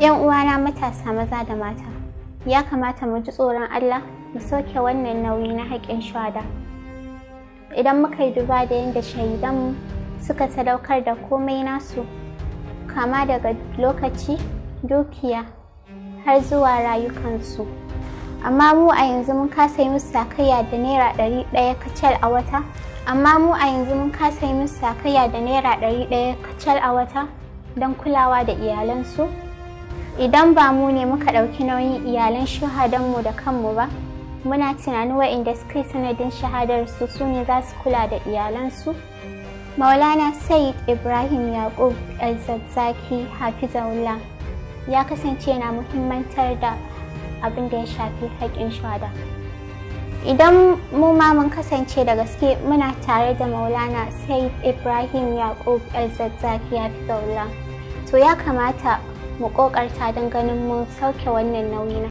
'Yan uwana matasa maza da mata, ya kamata mu ji tsoron Allah mu sauke wannan nauyi na haƙƙin shada. Idan muka yi duba da yadda shahidan suka sadaukar da komai nasu, kama daga lokaci, dukiya, har zuwa rayukansu. Amma mu a yanzu mun kasa yi musu sakayya da naira ɗari ɗaya kacal a wata, amma mu a yanzu mun kasa yi musu sakayya da naira ɗari ɗaya kacal a wata don kulawa da iyalansu. idan ba mu ne muka ɗauki nauyin iyalan shahadanmu da kanmu ba muna tunanin waɗanda suka yi sanadin shahadarsu su ne za su kula da iyalansu maulana said ibrahim yaqub alzazzaki hafi zaula ya kasance yana muhimmantar da abin da ya shafi haƙƙin shahada idan mu ma mun kasance da gaske muna tare da maulana said ibrahim yaqub alzazzaki hafi zaula to ya kamata mu ƙoƙarta don ganin mun sauke wannan nauyi